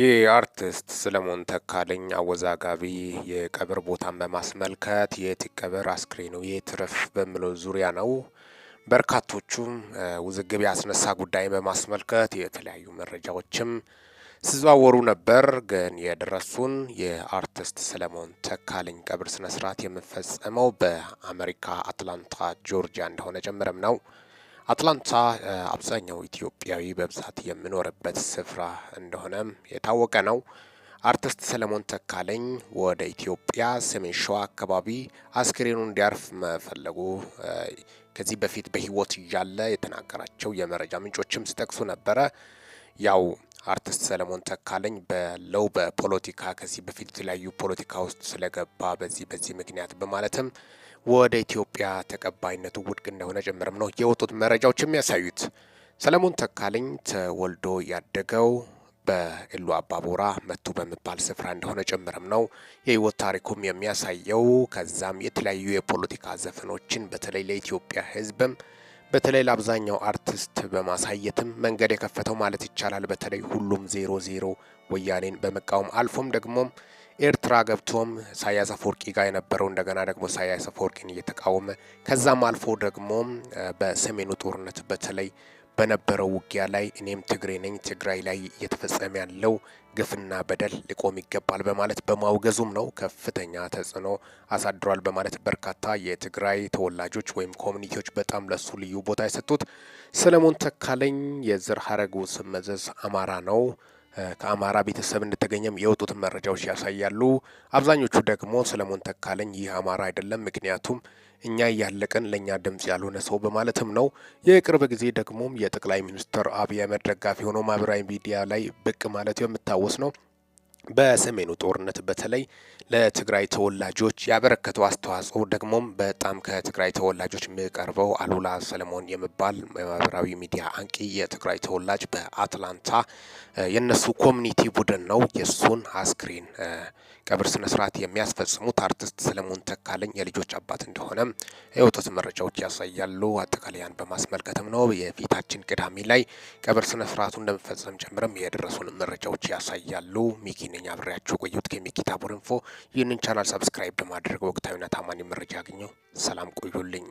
የአርቲስት ሰለሞን ተካልኝ አወዛጋቢ የቀብር ቦታን በማስመልከት የት ይቀበር አስክሬኑ የት ይረፍ በሚለው ዙሪያ ነው። በርካቶቹም ውዝግብ ያስነሳ ጉዳይን በማስመልከት የተለያዩ መረጃዎችም ሲዘዋወሩ ነበር። ግን የደረሱን የአርቲስት ሰለሞን ተካልኝ ቀብር ስነስርዓት የሚፈጸመው በአሜሪካ አትላንታ ጆርጂያ እንደሆነ ጨምረም ነው አትላንታ አብዛኛው ኢትዮጵያዊ በብዛት የምኖርበት ስፍራ እንደሆነም የታወቀ ነው። አርቲስት ሰለሞን ተካልኝ ወደ ኢትዮጵያ ሰሜን ሸዋ አካባቢ አስክሬኑ እንዲያርፍ መፈለጉ ከዚህ በፊት በሕይወት እያለ የተናገራቸው የመረጃ ምንጮችም ሲጠቅሱ ነበረ ያው አርቲስት ሰለሞን ተካለኝ በለው በፖለቲካ ከዚህ በፊት የተለያዩ ፖለቲካ ውስጥ ስለገባ በዚህ በዚህ ምክንያት በማለትም ወደ ኢትዮጵያ ተቀባይነቱ ውድቅ እንደሆነ ጭምርም ነው የወጡት መረጃዎች የሚያሳዩት። ሰለሞን ተካለኝ ተወልዶ ያደገው በኢሉ አባቦራ መቱ በሚባል ስፍራ እንደሆነ ጭምርም ነው የህይወት ታሪኩም የሚያሳየው። ከዛም የተለያዩ የፖለቲካ ዘፈኖችን በተለይ ለኢትዮጵያ ህዝብም በተለይ ለአብዛኛው አርቲስት በማሳየትም መንገድ የከፈተው ማለት ይቻላል። በተለይ ሁሉም ዜሮ ዜሮ ወያኔን በመቃወም አልፎም ደግሞም ኤርትራ ገብቶም ኢሳያስ አፈወርቂ ጋር የነበረው እንደገና ደግሞ ኢሳያስ አፈወርቂን እየተቃወመ ከዛም አልፎ ደግሞ በሰሜኑ ጦርነት በተለይ በነበረው ውጊያ ላይ እኔም ትግሬ ነኝ፣ ትግራይ ላይ እየተፈጸመ ያለው ግፍና በደል ሊቆም ይገባል በማለት በማውገዙም ነው ከፍተኛ ተጽዕኖ አሳድሯል በማለት በርካታ የትግራይ ተወላጆች ወይም ኮሚኒቲዎች በጣም ለሱ ልዩ ቦታ የሰጡት ሰለሞን ተካለኝ የዘር ሀረጉ ስመዘዝ አማራ ነው ከአማራ ቤተሰብ እንደተገኘም የወጡትን መረጃዎች ያሳያሉ። አብዛኞቹ ደግሞ ሰለሞን ተካለኝ ይህ አማራ አይደለም፣ ምክንያቱም እኛ እያለቀን ለእኛ ድምፅ ያልሆነ ሰው በማለትም ነው። የቅርብ ጊዜ ደግሞም የጠቅላይ ሚኒስትር አብይ አህመድ ደጋፊ ሆኖ ማህበራዊ ሚዲያ ላይ ብቅ ማለት የምታወስ ነው። በሰሜኑ ጦርነት በተለይ ለትግራይ ተወላጆች ያበረከተው አስተዋጽኦ ደግሞም በጣም ከትግራይ ተወላጆች የሚቀርበው አሉላ ሰለሞን የሚባል ማህበራዊ ሚዲያ አንቂ የትግራይ ተወላጅ በአትላንታ የነሱ ኮሚኒቲ ቡድን ነው። የእሱን አስክሬን ቀብር ስነ ስርዓት የሚያስፈጽሙት አርቲስት ሰለሞን ተካለኝ የልጆች አባት እንደሆነ የወጡት መረጃዎች ያሳያሉ። አጠቃለያን በማስመልከትም ነው የፊታችን ቅዳሜ ላይ ቀብር ስነ ስርዓቱ እንደሚፈጸም ጨምረም የደረሱን መረጃዎች ያሳያሉ። ሚኪኔ ነኝ አብሬያችሁ ቆየሁት። ኬሚክ ታቦር ኢንፎ። ይህንን ቻናል ሰብስክራይብ በማድረግ ወቅታዊና ታማኝ መረጃ ያገኘው። ሰላም ቆዩልኝ።